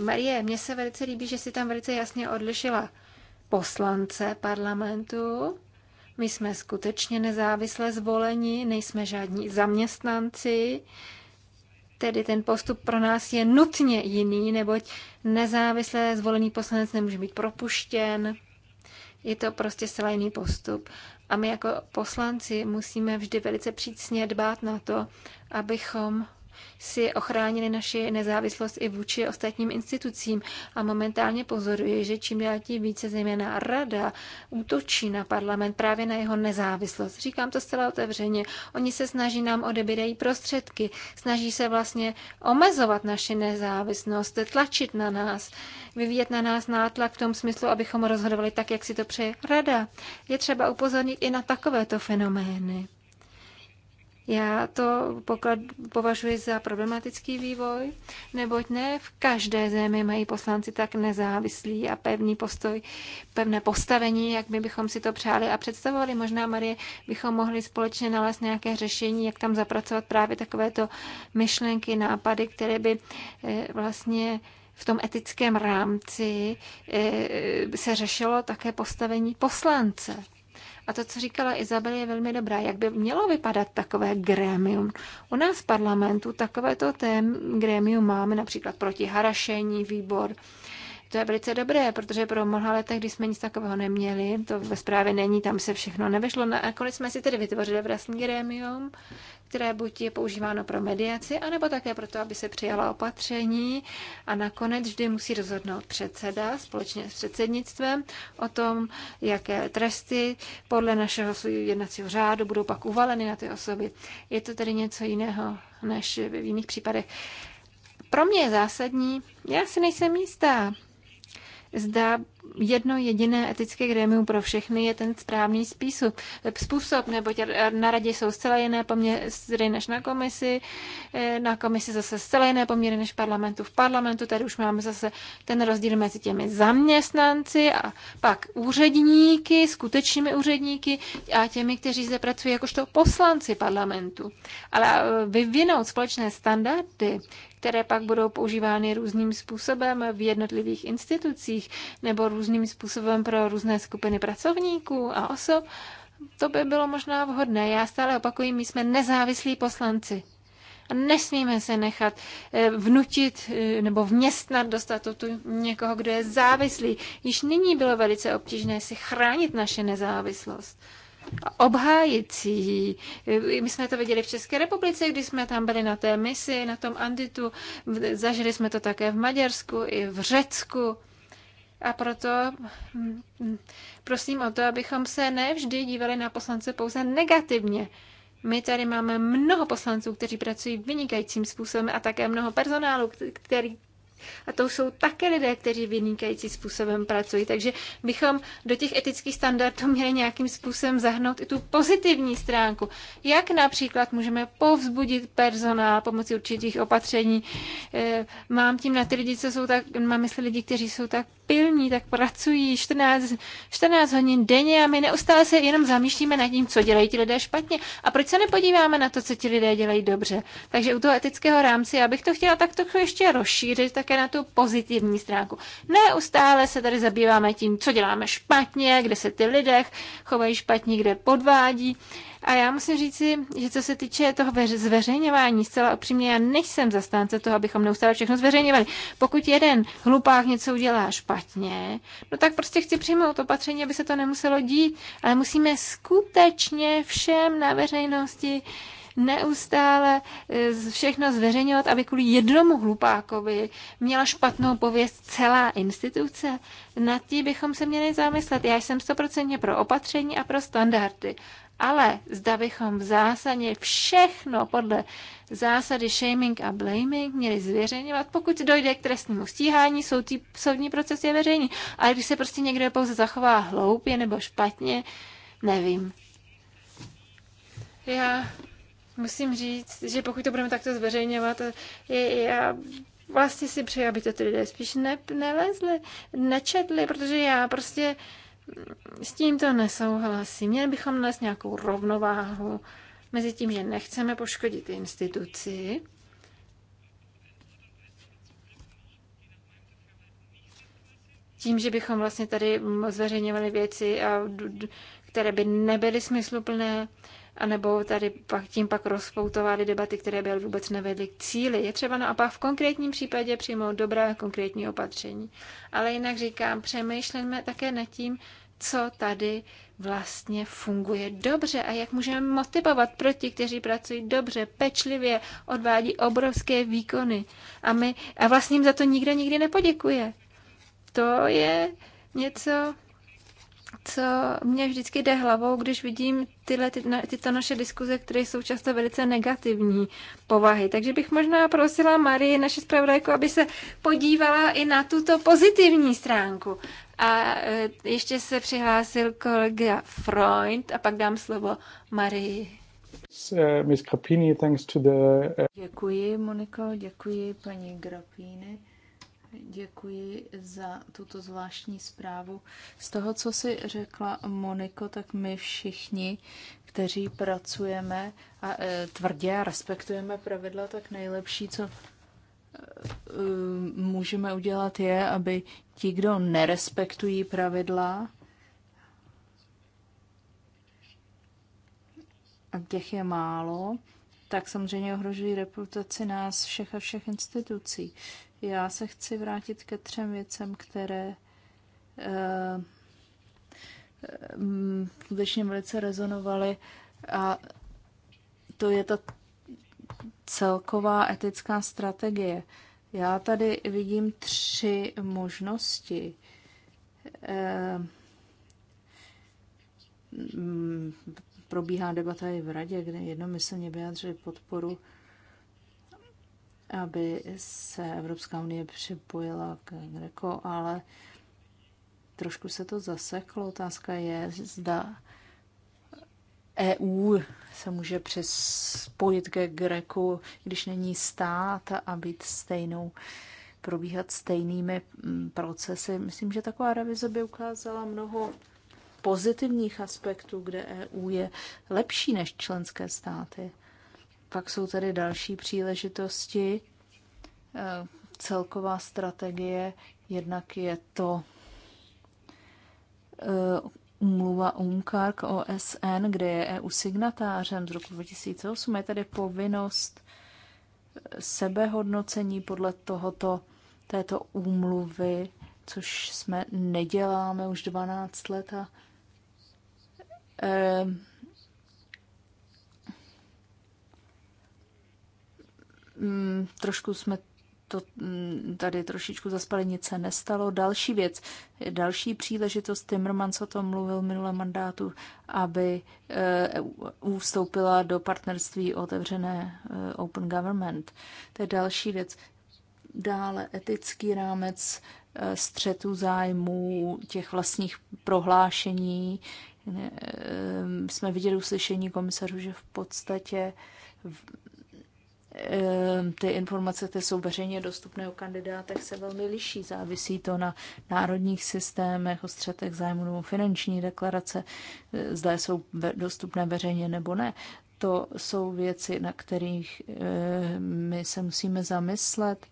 Marie, mně se velice líbí, že si tam velice jasně odlišila poslance parlamentu. My jsme skutečně nezávisle zvoleni, nejsme žádní zaměstnanci, tedy ten postup pro nás je nutně jiný, neboť nezávisle zvolený poslanec nemůže být propuštěn. Je to prostě celý jiný postup. A my jako poslanci musíme vždy velice přísně dbát na to, abychom si ochránili naši nezávislost i vůči ostatním institucím a momentálně pozoruji, že čím dál tím více zejména rada útočí na parlament právě na jeho nezávislost. Říkám to zcela otevřeně. Oni se snaží nám odebírají prostředky, snaží se vlastně omezovat naši nezávislost, tlačit na nás, vyvíjet na nás nátlak v tom smyslu, abychom rozhodovali tak, jak si to přeje rada. Je třeba upozornit i na takovéto fenomény. Já to poklad, považuji za problematický vývoj, neboť ne v každé zemi mají poslanci tak nezávislý a pevný postoj, pevné postavení, jak my bychom si to přáli a představovali. Možná, Marie, bychom mohli společně nalézt nějaké řešení, jak tam zapracovat právě takovéto myšlenky, nápady, které by eh, vlastně v tom etickém rámci eh, se řešilo také postavení poslance. A to, co říkala Izabel, je velmi dobrá. Jak by mělo vypadat takové grémium? U nás v parlamentu takovéto tém grémium máme například proti harašení výbor, to je velice dobré, protože pro mnoha letech, když jsme nic takového neměli, to ve zprávě není, tam se všechno nevešlo. Nakonec no jsme si tedy vytvořili vlastní gremium, které buď je používáno pro mediaci, anebo také pro to, aby se přijala opatření a nakonec vždy musí rozhodnout předseda společně s předsednictvem o tom, jaké tresty podle našeho jednacího řádu budou pak uvaleny na ty osoby. Je to tedy něco jiného než v jiných případech pro mě je zásadní, já si nejsem jistá, zda jedno jediné etické grémium pro všechny je ten správný způsob, způsob neboť na radě jsou zcela jiné poměry než na komisi, eh, na komisi zase zcela jiné poměry než v parlamentu. V parlamentu tady už máme zase ten rozdíl mezi těmi zaměstnanci a pak úředníky, skutečnými úředníky a těmi, kteří zde pracují jakožto poslanci parlamentu. Ale eh, vyvinout společné standardy, které pak budou používány různým způsobem v jednotlivých institucích nebo různým způsobem pro různé skupiny pracovníků a osob, to by bylo možná vhodné. Já stále opakuji, my jsme nezávislí poslanci. A nesmíme se nechat eh, vnutit eh, nebo vměstnat do statutu někoho, kdo je závislý. Již nyní bylo velice obtížné si chránit naše nezávislost obhájicí. My jsme to viděli v České republice, když jsme tam byli na té misi, na tom Anditu. Zažili jsme to také v Maďarsku i v Řecku. A proto hm, prosím o to, abychom se nevždy dívali na poslance pouze negativně. My tady máme mnoho poslanců, kteří pracují vynikajícím způsobem a také mnoho personálu, který a to jsou také lidé, kteří vynikající způsobem pracují. Takže bychom do těch etických standardů měli nějakým způsobem zahrnout i tu pozitivní stránku. Jak například můžeme povzbudit personál pomocí určitých opatření. Eh, mám tím na ty lidi, co jsou tak, mám mysli lidi, kteří jsou tak pilní, tak pracují 14, 14 hodin denně a my neustále se jenom zamýšlíme nad tím, co dělají ti lidé špatně. A proč se nepodíváme na to, co ti lidé dělají dobře? Takže u toho etického rámce já bych to chtěla tak trochu ještě rozšířit, tak také na tu pozitivní stránku. Neustále se tady zabýváme tím, co děláme špatně, kde se ty lidé chovají špatně, kde podvádí. A já musím říci, že co se týče toho zveřejňování, zcela upřímně, já nejsem zastánce toho, abychom neustále všechno zveřejňovali. Pokud jeden hlupák něco udělá špatně, no tak prostě chci přijmout opatření, aby se to nemuselo dít, ale musíme skutečně všem na veřejnosti neustále eh, všechno zveřejňovat, aby kvůli jednomu hlupákovi měla špatnou pověst celá instituce. Nad tím bychom se měli zamyslet. Já jsem stoprocentně pro opatření a pro standardy. Ale zda bychom v zásadě všechno podle zásady shaming a blaming měli zveřejňovat, pokud dojde k trestnímu stíhání, soudní, soudní proces je veřejný. Ale když se prostě někdo pouze zachová hloupě nebo špatně, nevím. Já musím říct, že pokud to budeme takto zveřejňovat, já vlastně si přeji, aby to ty lidé spíš ne, nelezli, nečetli, protože já prostě s tímto nesouhlasím. Měli bychom nalézt nějakou rovnováhu mezi tím, že nechceme poškodit instituci, tím, že bychom vlastně tady zveřejňovali věci, které by nebyly smysluplné, anebo tady pak, tím pak rozpoutovaly debaty, které by vůbec nevedly k cíli. Je třeba naopak no v konkrétním případě přijmout dobré konkrétní opatření. Ale jinak říkám, přemýšlejme také nad tím, co tady vlastně funguje dobře a jak můžeme motivovat pro ti, kteří pracují dobře, pečlivě, odvádí obrovské výkony a, my, a vlastně jim za to nikdo nikdy nepoděkuje. To je něco, co mě vždycky jde hlavou, když vidím tyhle, ty, tyto naše diskuze, které jsou často velice negativní povahy. Takže bych možná prosila Marii, naše zpravodajku, aby se podívala i na tuto pozitivní stránku. A e, ještě se přihlásil kolega Freund a pak dám slovo Marii. E, Miss thanks to the... E, děkuji, Moniko, děkuji paní Grappini Děkuji za tuto zvláštní zprávu. Z toho, co si řekla Moniko, tak my všichni, kteří pracujeme a, e, tvrdě a respektujeme pravidla, tak nejlepší, co e, můžeme udělat, je, aby ti, kdo nerespektují pravidla, a těch je málo, tak samozřejmě ohrožují reputaci nás všech a všech institucí. Já se chci vrátit ke třem věcem, které eh, eh, skutečně velice rezonovaly a to je ta celková etická strategie. Já tady vidím tři možnosti. Eh, probíhá debata i v radě, kde jednomyslně vyjádřili podporu aby se Evropská unie připojila k Greco, ale trošku se to zaseklo. Otázka je, zda EU se může přespojit ke Greku, když není stát a být stejnou, probíhat stejnými mm, procesy. Myslím, že taková revize by ukázala mnoho pozitivních aspektů, kde EU je lepší než členské státy. Pak jsou tady další příležitosti. Eh, celková strategie, jednak je to eh, umluva UNCAR k OSN, kde je EU signatářem z roku 2008. Je tady povinnost eh, sebehodnocení podle tohoto, této úmluvy, což jsme neděláme už 12 let a eh, mm, trošku jsme to mm, tady trošičku zaspali, nic se nestalo. Další věc, další příležitost, Timmermans o tom mluvil minule mandátu, aby EU eh, vstoupila do partnerství otevřené eh, Open Government. To je další věc. Dále etický rámec eh, střetu zájmů, těch vlastních prohlášení. Jsme viděli uslyšení komisařů, že v podstatě Ehm, ty informace, ty jsou veřejně dostupné o kandidátech, se velmi liší. Závisí to na národních systémech, o střetech zájmu nebo finanční deklarace, eh, zda jsou dostupné veřejně nebo ne. To jsou věci, na kterých ehm, my se musíme zamyslet,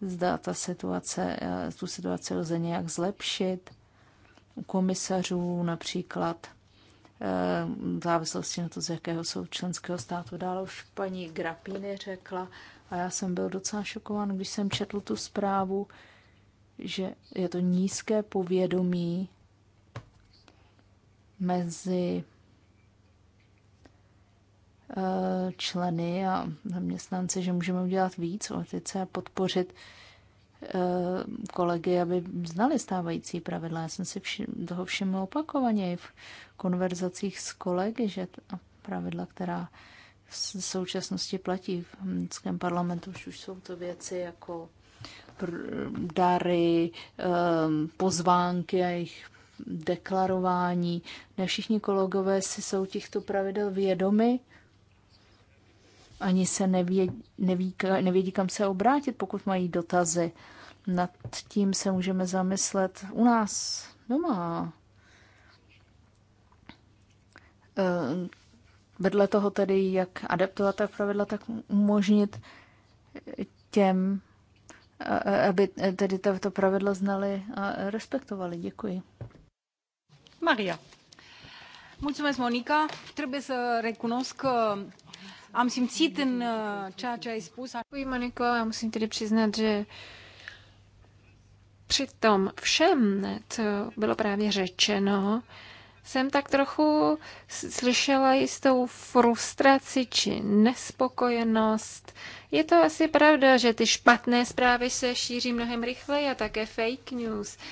zda ta situace, eh, tu situaci lze nějak zlepšit. U komisařů například v závislosti na to, z jakého jsou členského státu. Dále už paní Grapiny řekla, a já jsem byl docela šokován, když jsem četl tu zprávu, že je to nízké povědomí mezi eh, členy a zaměstnanci, že můžeme udělat víc o etice a podpořit uh, kolegy, aby znali stávající pravidla. Já jsem si všim, toho všiml opakovaně i v konverzacích s kolegy, že ta pravidla, která v současnosti platí v Městském parlamentu, už jsou to věci jako dary, ehm, pozvánky a jejich deklarování. Ne všichni kolegové si jsou těchto pravidel vědomi, ani se nevědí, neví, nevědí, kam se obrátit, pokud mají dotazy. Nad tím se můžeme zamyslet u nás doma. E, vedle toho tedy, jak adaptovat ta pravidla, tak umožnit těm, e, aby tedy to pravidla znali a respektovali. Děkuji. Maria. Mulțumesc, Monica. Trebuie să recunosc că Am simțit în uh, ceea ce ai spus... Děkuji, Moniko, já musím tedy přiznat, že při tom všem, co bylo právě řečeno, jsem tak trochu slyšela jistou frustraci či nespokojenost. Je to asi pravda, že ty špatné zprávy se šíří mnohem rychleji a také fake news. Uh,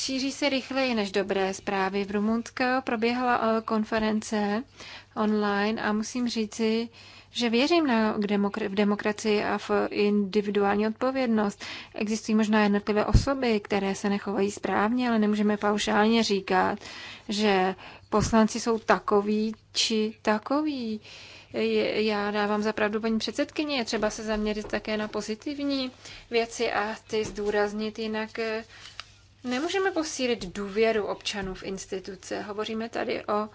Šíří se rychleji než dobré zprávy. V Rumunsku proběhla eh, konference online a musím říci, že věřím na demokra- v demokracii a v individuální odpovědnost. Existují možná jednotlivé osoby, které se nechovají správně, ale nemůžeme paušálně říkat, že poslanci jsou takový či takový. Já dávám za pravdu, paní předsedkyně, je třeba se zaměřit také na pozitivní věci a ty zdůraznit, jinak eh, Nemůžeme posílit důvěru občanů v instituce. Hovoříme tady o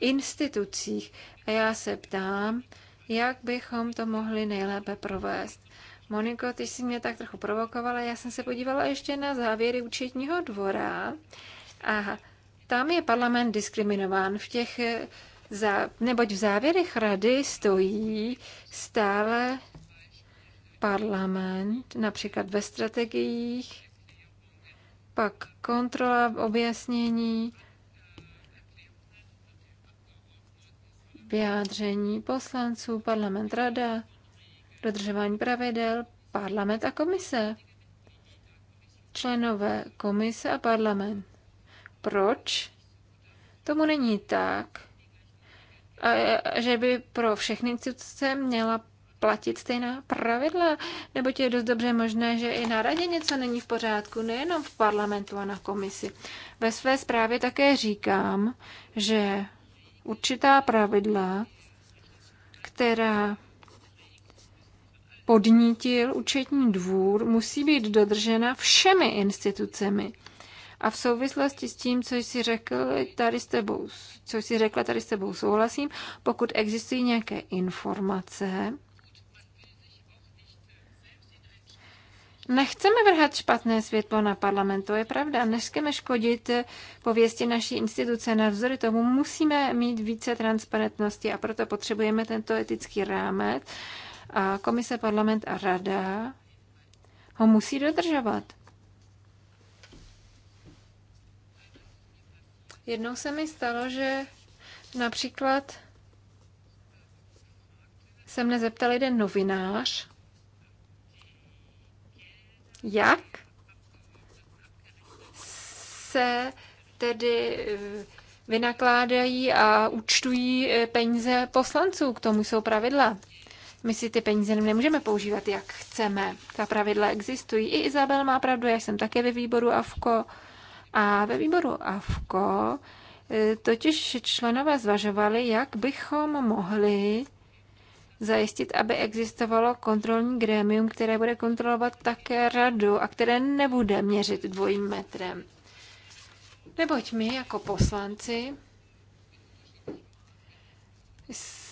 institucích. A já se ptám, jak bychom to mohli nejlépe provést. Moniko, ty jsi mě tak trochu provokovala, já jsem se podívala ještě na závěry účetního dvora a tam je parlament diskriminován v těch, eh, neboť v závěrech rady stojí stále parlament, například ve strategiích, pak kontrola, objasnění, vyjádření poslanců, parlament rada, dodržování pravidel, parlament a komise, členové komise a parlament. Proč tomu není tak, a, že by pro všechny instituce měla platit stejná pravidla, nebo je dost dobře možné, že i na radě něco není v pořádku, nejenom v parlamentu a na komisi. Ve své zprávě také říkám, že určitá pravidla, která podnítil účetní dvůr, musí být dodržena všemi institucemi. A v souvislosti s tím, co jsi řekl tady s tebou, co jsi řekla tady s tebou, souhlasím, pokud existují nějaké informace, Nechceme vrhat špatné světlo na parlament, to je pravda. Nechceme škodit pověsti naší instituce. Navzory tomu musíme mít více transparentnosti a proto potřebujeme tento etický rámec. A komise, parlament a rada ho musí dodržovat. Jednou se mi stalo, že například se mne zeptal jeden novinář, jak se tedy eh, vynakládají a účtují eh, peníze poslanců. K tomu jsou pravidla. My si ty peníze nemůžeme používat, jak chceme. Ta pravidla existují. I Izabel má pravdu, já jsem také ve výboru AFKO. A ve výboru AFKO eh, totiž členové zvažovali, jak bychom mohli zajistit, aby existovalo kontrolní grémium, které bude kontrolovat také radu a které nebude měřit dvojím metrem. Neboť my jako poslanci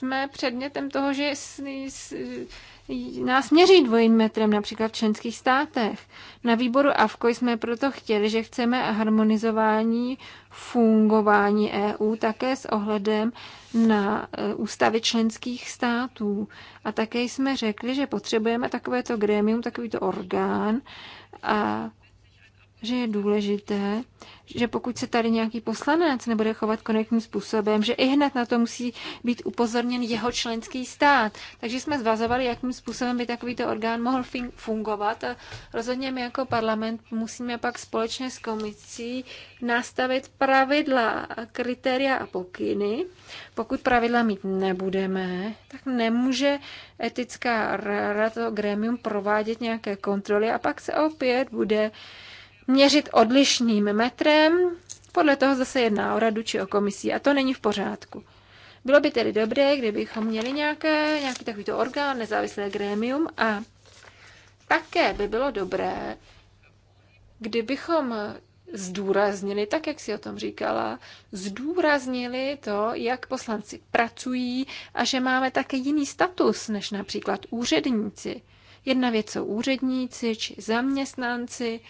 jsme předmětem toho, že nás měří dvojím metrem například v členských státech. Na výboru AVKO jsme proto chtěli, že chceme harmonizování fungování EU také s ohledem na e, ústavy členských států. A také jsme řekli, že potřebujeme takovéto grémium, takovýto orgán a že je důležité, že pokud se tady nějaký poslanec nebude chovat konektním způsobem, že i hned na to musí být upozorněn jeho členský stát. Takže jsme zvazovali, jakým způsobem by takovýto orgán mohl fungovat. A rozhodně my jako parlament musíme pak společně s komisí nastavit pravidla, kritéria a pokyny. Pokud pravidla mít nebudeme, tak nemůže etická rada, to gremium provádět nějaké kontroly a pak se opět bude měřit odlišným metrem, podle toho zase jedná o radu či o komisí a to není v pořádku. Bylo by tedy dobré, kdybychom měli nějaké, nějaký takovýto orgán, nezávislé grémium a také by bylo dobré, kdybychom zdůraznili, tak jak si o tom říkala, zdůraznili to, jak poslanci pracují a že máme také jiný status než například úředníci. Jedna věc jsou úředníci či zaměstnanci,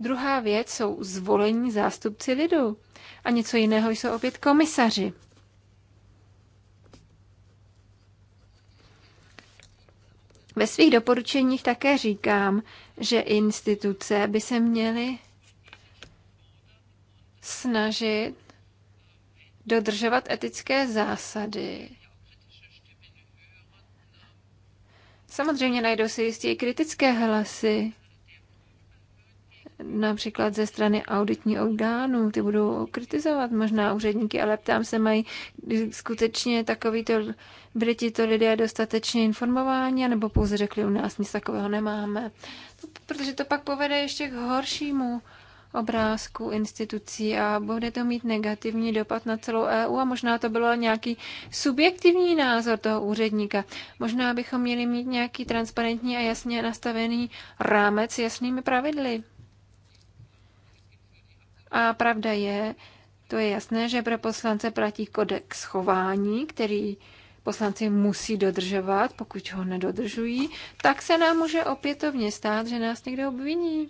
Druhá věc jsou zvolení zástupci lidu. A něco jiného jsou opět komisaři. Ve svých doporučeních také říkám, že instituce by se měly snažit dodržovat etické zásady. Samozřejmě najdou se jistě i kritické hlasy, například ze strany auditní orgánů. Ty budou kritizovat možná úředníky, ale ptám se, mají skutečně takovýto Briti to lidé dostatečně informováni, nebo pouze řekli, u nás nic takového nemáme. Protože to pak povede ještě k horšímu obrázku institucí a bude to mít negativní dopad na celou EU a možná to bylo nějaký subjektivní názor toho úředníka. Možná bychom měli mít nějaký transparentní a jasně nastavený rámec s jasnými pravidly. A pravda je, to je jasné, že pro poslance platí kodex chování, který poslanci musí dodržovat, pokud ho nedodržují, tak se nám může opětovně stát, že nás někdo obviní.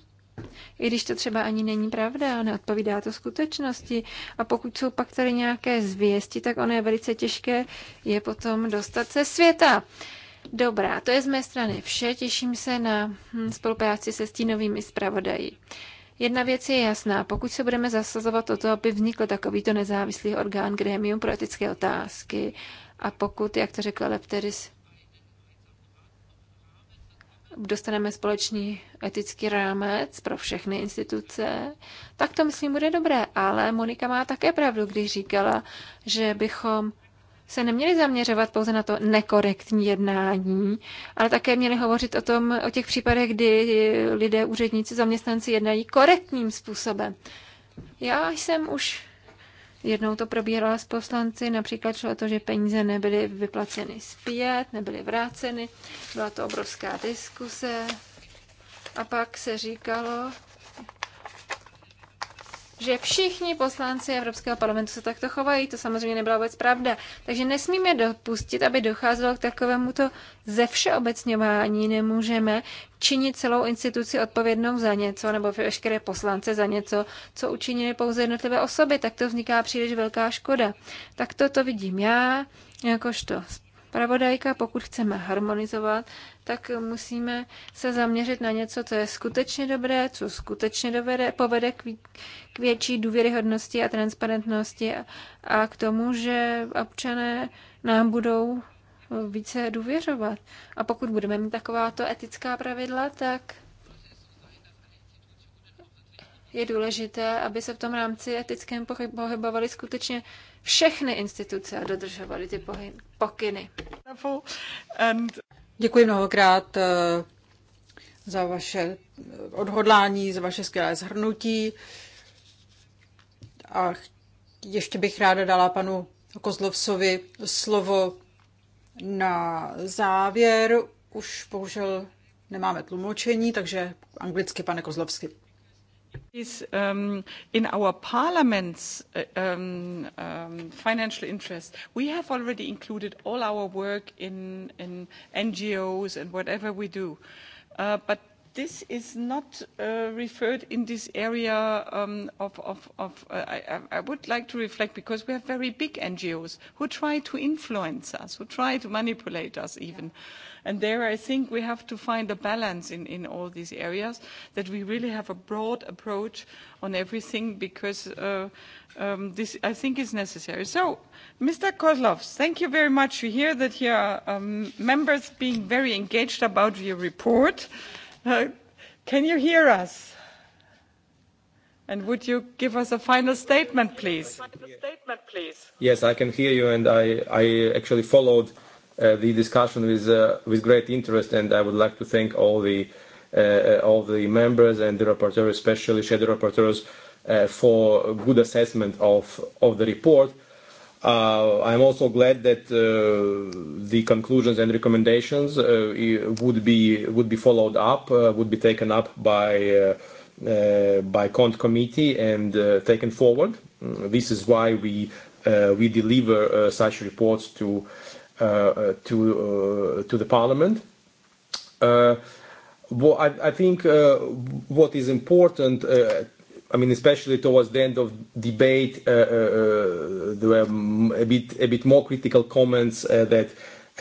I když to třeba ani není pravda, neodpovídá to skutečnosti. A pokud jsou pak tady nějaké zvěsti, tak ono je velice těžké je potom dostat se světa. Dobrá, to je z mé strany vše. Těším se na hm, spolupráci se stínovými zpravodaji. Jedna věc je jasná. Pokud se budeme zasazovat o to, aby vznikl takovýto nezávislý orgán Grémium pro etické otázky, a pokud, jak to řekl Lepteris, dostaneme společný etický rámec pro všechny instituce, tak to myslím bude dobré. Ale Monika má také pravdu, když říkala, že bychom se neměli zaměřovat pouze na to nekorektní jednání, ale také měli hovořit o, tom, o těch případech, kdy lidé, úředníci, zaměstnanci jednají korektním způsobem. Já jsem už jednou to probírala s poslanci, například šlo o to, že peníze nebyly vyplaceny zpět, nebyly vráceny, byla to obrovská diskuse. A pak se říkalo, že všichni poslanci Evropského parlamentu se takto chovají. To samozřejmě nebyla vůbec pravda. Takže nesmíme dopustit, aby docházelo k takovému to ze všeobecňování. Nemůžeme činit celou instituci odpovědnou za něco, nebo veškeré poslance za něco, co učinili pouze jednotlivé osoby. Tak to vzniká příliš velká škoda. Tak to, to vidím já, jakožto pravodajka, pokud chceme harmonizovat tak musíme se zaměřit na něco, co je skutečně dobré, co skutečně dovede, povede k, k větší důvěryhodnosti a transparentnosti a, a k tomu, že občané nám budou více důvěřovat. A pokud budeme mít takováto etická pravidla, tak je důležité, aby se v tom rámci etickém pohybovaly skutečně všechny instituce a dodržovaly ty pokyny. Děkuji mnohokrát eh, za vaše odhodlání, za vaše skvělé zhrnutí. A ještě bych ráda dala panu Kozlovsovi slovo na závěr. Už bohužel nemáme tlumočení, takže anglicky, pane Kozlovsky. Um, in our parliament's uh, um, um, financial interest. We have already included all our work in, in NGOs and whatever we do. Uh, but this is not uh, referred in this area um, of, of, of uh, I, I would like to reflect because we have very big NGOs who try to influence us, who try to manipulate us even. Yeah. And there I think we have to find a balance in, in all these areas that we really have a broad approach on everything because uh, um, this I think is necessary. So, Mr. Kozlov, thank you very much. You hear that here are um, members being very engaged about your report. Uh, Uh, can you hear us? And would you give us a final statement, please? Yes, I can hear you, and I, I actually followed uh, the discussion with, uh, with great interest, and I would like to thank all the, uh, uh all the members and the rapporteurs, especially shadow rapporteurs, uh, for good assessment of, of the report. Uh, Uh, I'm also glad that uh, the conclusions and recommendations uh, would be would be followed up, uh, would be taken up by uh, uh, by Cont committee and uh, taken forward. Mm, this is why we uh, we deliver uh, such reports to uh, uh to uh, to the Parliament. Uh, well, I, I think uh, what is important. Uh, i mean, especially towards the end of debate, uh, uh, uh, there were a bit a bit more critical comments uh, that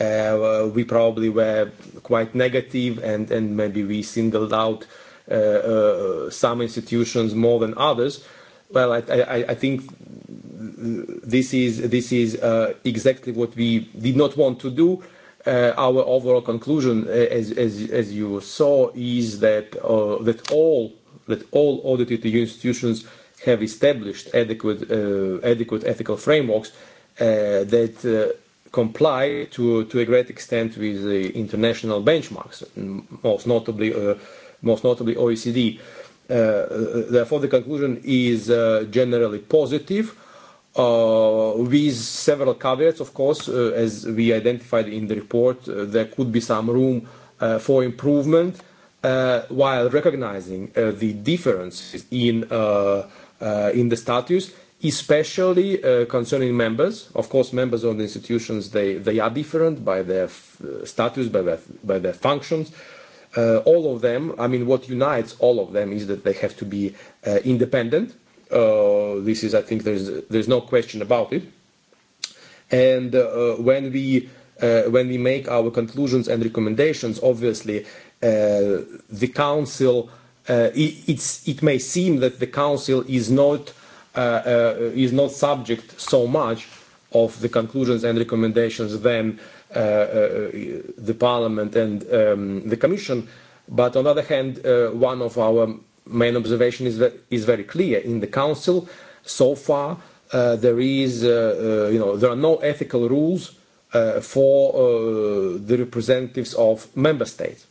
uh, uh, we probably were quite negative, and and maybe we singled out uh, uh, some institutions more than others. Well, I, I, I think this is this is uh, exactly what we did not want to do. Uh, our overall conclusion, uh, as as as you saw, is that uh, that all that all audited EU institutions have established adequate, uh, adequate ethical frameworks uh, that uh, comply to, to a great extent with the international benchmarks, most notably, uh, most notably OECD. Uh, uh, therefore, the conclusion is uh, generally positive, uh, with several caveats, of course, uh, as we identified in the report. Uh, there could be some room uh, for improvement uh, while recognizing uh, the differences in uh, uh, in the status, especially uh, concerning members. Of course, members of the institutions they they are different by their f- status, by their by their functions. Uh, all of them. I mean, what unites all of them is that they have to be uh, independent. Uh, this is, I think, there's there's no question about it. And uh, when we uh, when we make our conclusions and recommendations, obviously the council uh, it, it's, it may seem that the council is not uh, uh, is not subject so much of the conclusions and recommendations than uh, uh, the parliament and um, the commission but on the other hand uh, one of our main observation is that is very clear in the council so far uh, there is uh, uh, you know there are no ethical rules uh, for uh, the representatives of member states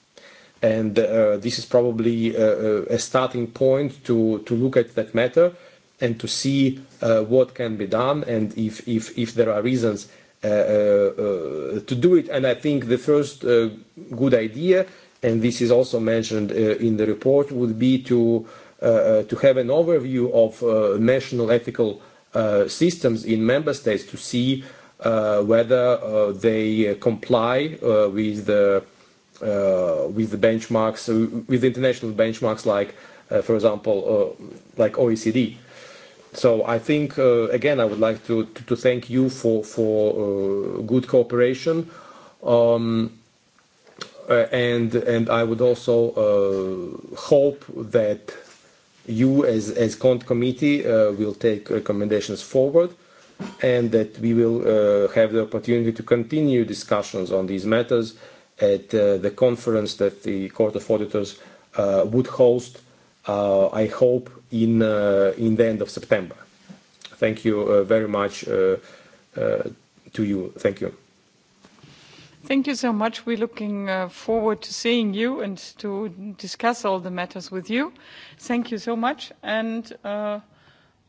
and uh, this is probably uh, uh, a starting point to to look at that matter and to see uh, what can be done and if if if there are reasons uh, uh, uh to do it and i think the first uh, good idea and this is also mentioned uh, in the report would be to uh, uh to have an overview of uh, national ethical uh, systems in member states to see uh, whether uh, they comply uh, with the uh, uh, with the benchmarks, uh, with international benchmarks like, uh, for example, uh, like OECD. So I think uh, again I would like to, to, to thank you for for uh, good cooperation, um, uh, and and I would also uh, hope that you as as Cont committee uh, will take recommendations forward, and that we will uh, have the opportunity to continue discussions on these matters at uh, the conference that the Court of Auditors uh, would host, uh, I hope, in, uh, in the end of September. Thank you uh, very much uh, uh, to you. Thank you. Thank you so much. We're looking uh, forward to seeing you and to discuss all the matters with you. Thank you so much. And uh,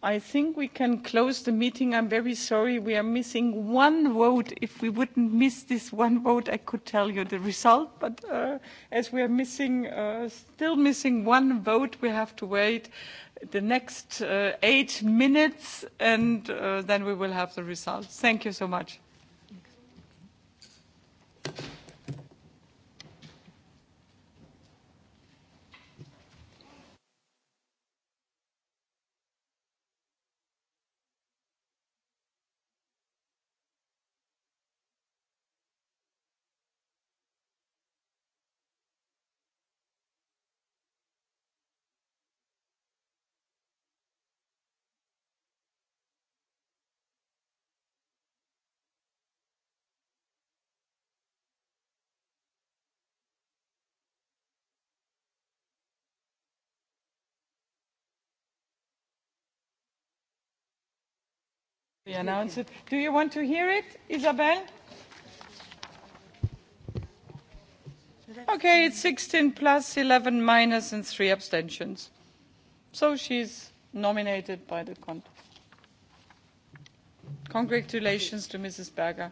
i think we can close the meeting. I'm very sorry we are missing one vote. If we wouldn't miss this one vote, I could tell you the result. But uh, as we are missing, uh, still missing one vote, we have to wait the next uh, eight minutes and uh, then we will have the result. Thank you so much. be announced. Do you want to hear it, Isabel? Okay, it's 16 plus, 11 minus, and three abstentions. So she's nominated by the con. Congratulations to Mrs. Berger.